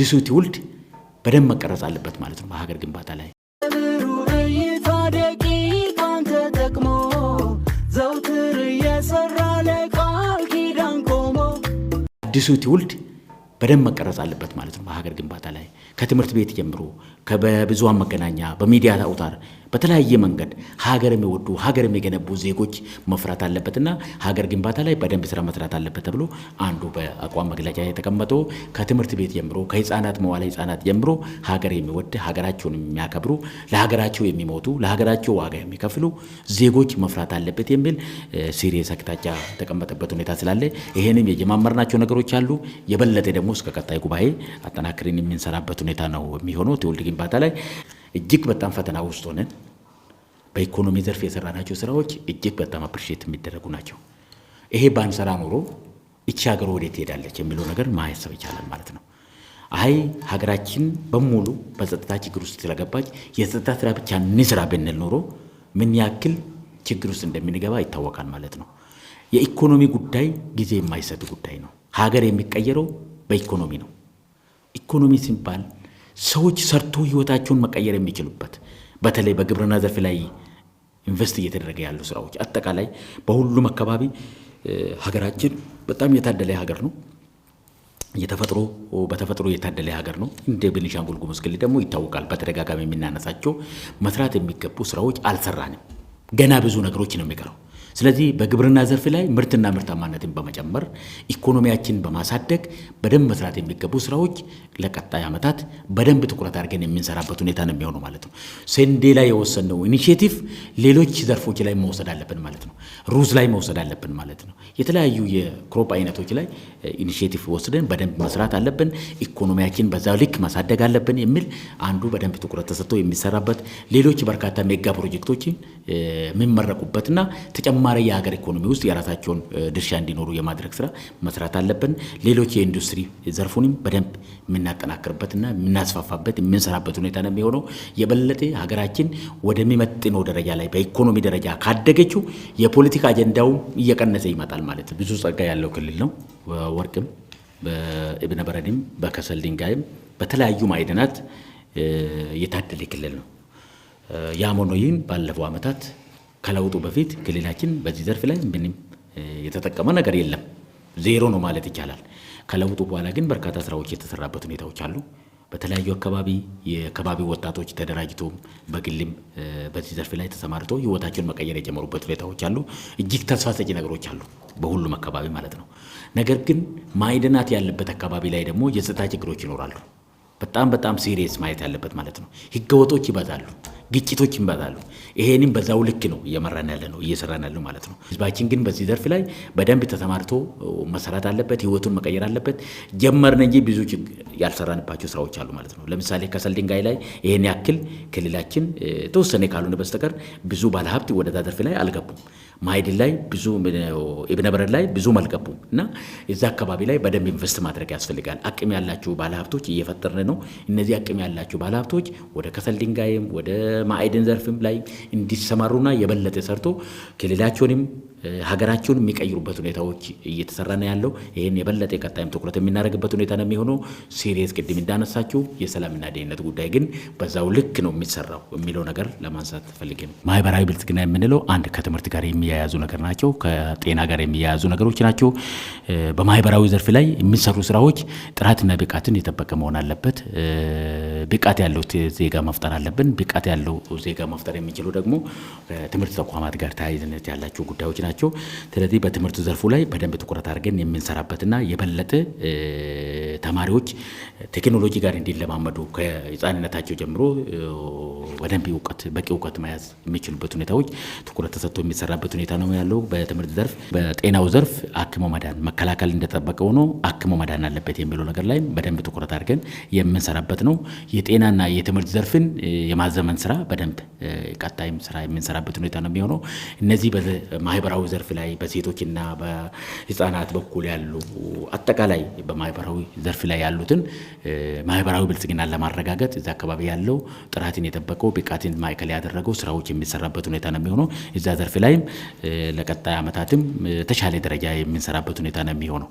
አዲሱ ትውልድ በደንብ መቀረጽ አለበት ማለት ነው በሀገር ግንባታ ላይ አዲሱ ትውልድ በደንብ መቀረጽ አለበት ማለት ነው በሀገር ግንባታ ላይ ከትምህርት ቤት ጀምሮ በብዙሃን መገናኛ በሚዲያ አውታር በተለያየ መንገድ ሀገር የሚወዱ ሀገር የሚገነቡ ዜጎች መፍራት አለበትና ሀገር ግንባታ ላይ በደንብ ስራ መስራት አለበት ተብሎ አንዱ በአቋም መግለጫ የተቀመጠው ከትምህርት ቤት ጀምሮ ከህፃናት መዋለ ህፃናት ጀምሮ ሀገር የሚወድ ሀገራቸውን የሚያከብሩ ለሀገራቸው የሚሞቱ ለሀገራቸው ዋጋ የሚከፍሉ ዜጎች መፍራት አለበት የሚል ሲሪየስ አቅጣጫ የተቀመጠበት ሁኔታ ስላለ ይህንም የጀማመርናቸው ነገሮች አሉ። የበለጠ ደግሞ እስከ ቀጣይ ጉባኤ አጠናክርን የምንሰራበት ሁኔታ ነው የሚሆነው ትውልድ ግንባታ ላይ እጅግ በጣም ፈተና ውስጥ ሆነን በኢኮኖሚ ዘርፍ የሰራናቸው ስራዎች እጅግ በጣም አፕሪሼት የሚደረጉ ናቸው። ይሄ ባንሰራ ኖሮ እቺ ሀገር ወዴት ትሄዳለች የሚለው ነገር ማያሰብ ይቻላል ማለት ነው። አይ ሀገራችን በሙሉ በጸጥታ ችግር ውስጥ ስለገባች የጸጥታ ስራ ብቻ እንስራ ብንል ኖሮ ምን ያክል ችግር ውስጥ እንደምንገባ ይታወቃል ማለት ነው። የኢኮኖሚ ጉዳይ ጊዜ የማይሰጥ ጉዳይ ነው። ሀገር የሚቀየረው በኢኮኖሚ ነው። ኢኮኖሚ ሲባል ሰዎች ሰርቶ ህይወታቸውን መቀየር የሚችሉበት በተለይ በግብርና ዘርፍ ላይ ኢንቨስት እየተደረገ ያሉ ስራዎች አጠቃላይ በሁሉም አካባቢ ሀገራችን በጣም የታደለ ሀገር ነው። የተፈጥሮ በተፈጥሮ የታደለ ሀገር ነው። እንደ ቤኒሻንጉል ጉሙዝ ክልል ደግሞ ይታወቃል። በተደጋጋሚ የምናነሳቸው መስራት የሚገቡ ስራዎች አልሰራንም። ገና ብዙ ነገሮች ነው የሚቀረው። ስለዚህ በግብርና ዘርፍ ላይ ምርትና ምርታማነትን በመጨመር ኢኮኖሚያችን በማሳደግ በደንብ መስራት የሚገቡ ስራዎች ለቀጣይ ዓመታት በደንብ ትኩረት አድርገን የምንሰራበት ሁኔታ ነው የሚሆነው ማለት ነው። ስንዴ ላይ የወሰንነው ኢኒሽቲቭ ሌሎች ዘርፎች ላይ መውሰድ አለብን ማለት ነው። ሩዝ ላይ መውሰድ አለብን ማለት ነው። የተለያዩ የክሮፕ አይነቶች ላይ ኢኒሽቲቭ ወስደን በደንብ መስራት አለብን። ኢኮኖሚያችን በዛ ልክ ማሳደግ አለብን የሚል አንዱ በደንብ ትኩረት ተሰጥቶ የሚሰራበት ሌሎች በርካታ ሜጋ ፕሮጀክቶችን የሚመረቁበትና ተጨማ በተጨማሪ የሀገር ኢኮኖሚ ውስጥ የራሳቸውን ድርሻ እንዲኖሩ የማድረግ ስራ መስራት አለብን። ሌሎች የኢንዱስትሪ ዘርፉንም በደንብ የምናጠናክርበትና የምናስፋፋበት የምንሰራበት ሁኔታ ነው የሚሆነው። የበለጠ ሀገራችን ወደሚመጥነው ደረጃ ላይ በኢኮኖሚ ደረጃ ካደገችው የፖለቲካ አጀንዳውም እየቀነሰ ይመጣል ማለት ነው። ብዙ ጸጋ ያለው ክልል ነው። ወርቅም በእብነ በረድም በከሰል ድንጋይም በተለያዩ ማዕድናት የታደለ ክልል ነው። ያም ሆኖ ይህን ባለፈው ዓመታት ከለውጡ በፊት ክልላችን በዚህ ዘርፍ ላይ ምንም የተጠቀመ ነገር የለም፣ ዜሮ ነው ማለት ይቻላል። ከለውጡ በኋላ ግን በርካታ ስራዎች የተሰራበት ሁኔታዎች አሉ። በተለያዩ አካባቢ የአካባቢ ወጣቶች ተደራጅቶ በግልም በዚህ ዘርፍ ላይ ተሰማርቶ ህይወታቸውን መቀየር የጀመሩበት ሁኔታዎች አሉ። እጅግ ተስፋ ሰጪ ነገሮች አሉ በሁሉም አካባቢ ማለት ነው። ነገር ግን ማዕድናት ያለበት አካባቢ ላይ ደግሞ የጸጥታ ችግሮች ይኖራሉ። በጣም በጣም ሲሪየስ ማየት ያለበት ማለት ነው። ህገወጦች ይበዛሉ፣ ግጭቶች ይበዛሉ። ይሄንም በዛው ልክ ነው እየመራን ያለ ነው እየሰራን ያለ ማለት ነው። ህዝባችን ግን በዚህ ዘርፍ ላይ በደንብ ተሰማርቶ መሰራት አለበት፣ ህይወቱን መቀየር አለበት። ጀመርን እንጂ ብዙ ያልሰራንባቸው ስራዎች አሉ ማለት ነው። ለምሳሌ ከሰል ድንጋይ ላይ ይህን ያክል ክልላችን ተወሰነ ካልሆነ በስተቀር ብዙ ባለሀብት ወደ ታዘርፍ ላይ አልገቡም። ማይድን ላይ ብዙ እብነበረድ ላይ ብዙም አልገቡም እና እዛ አካባቢ ላይ በደንብ ኢንቨስት ማድረግ ያስፈልጋል። አቅም ያላቸው ባለሀብቶች እየፈጠርን ነው። እነዚህ አቅም ያላቸው ባለሀብቶች ወደ ከሰል ድንጋይም ወደ ማይድን ዘርፍም ላይ እንዲሰማሩና የበለጠ ሰርቶ ክልላቸውንም ሀገራቸውን የሚቀይሩበት ሁኔታዎች እየተሰራ ነው ያለው። ይህን የበለጠ የቀጣይም ትኩረት የምናደርግበት ሁኔታ ነው የሚሆነው። ሲሪየስ ቅድም እንዳነሳችው የሰላምና ደህንነት ጉዳይ ግን በዛው ልክ ነው የሚሰራው የሚለው ነገር ለማንሳት ፈልጌ ነው። ማህበራዊ ብልጽግና የምንለው አንድ ከትምህርት ጋር የሚያያዙ ነገር ናቸው፣ ከጤና ጋር የሚያያዙ ነገሮች ናቸው። በማህበራዊ ዘርፍ ላይ የሚሰሩ ስራዎች ጥራትና ብቃትን የጠበቀ መሆን አለበት። ብቃት ያለው ዜጋ መፍጠር አለብን። ብቃት ያለው ዜጋ መፍጠር የሚችሉ ደግሞ ከትምህርት ተቋማት ጋር ተያይዝነት ያላቸው ጉዳዮች ናቸው። ስለዚህ በትምህርት ዘርፉ ላይ በደንብ ትኩረት አድርገን የምንሰራበትና የበለጠ ተማሪዎች ቴክኖሎጂ ጋር እንዲለማመዱ ከህፃንነታቸው ጀምሮ በደንብ እውቀት በቂ እውቀት መያዝ የሚችሉበት ሁኔታዎች ትኩረት ተሰጥቶ የሚሰራበት ሁኔታ ነው ያለው። በትምህርት ዘርፍ፣ በጤናው ዘርፍ አክሞ መዳን መከላከል እንደጠበቀ ሆኖ አክሞ መዳን አለበት የሚለው ነገር ላይ በደንብ ትኩረት አድርገን የምንሰራበት ነው። የጤናና የትምህርት ዘርፍን የማዘመን ስራ በደንብ ቀጣይም ስራ የምንሰራበት ሁኔታ ነው የሚሆነው። እነዚህ በማህበራዊ ዘርፍ ላይ በሴቶችና በህፃናት በኩል ያሉ አጠቃላይ በማህበራዊ ዘርፍ ዘርፍ ላይ ያሉትን ማህበራዊ ብልጽግናን ለማረጋገጥ እዚ አካባቢ ያለው ጥራትን የጠበቀው ብቃትን ማዕከል ያደረገው ስራዎች የሚሰራበት ሁኔታ ነው የሚሆነው። እዛ ዘርፍ ላይም ለቀጣይ ዓመታትም ተሻለ ደረጃ የምንሰራበት ሁኔታ ነው የሚሆነው።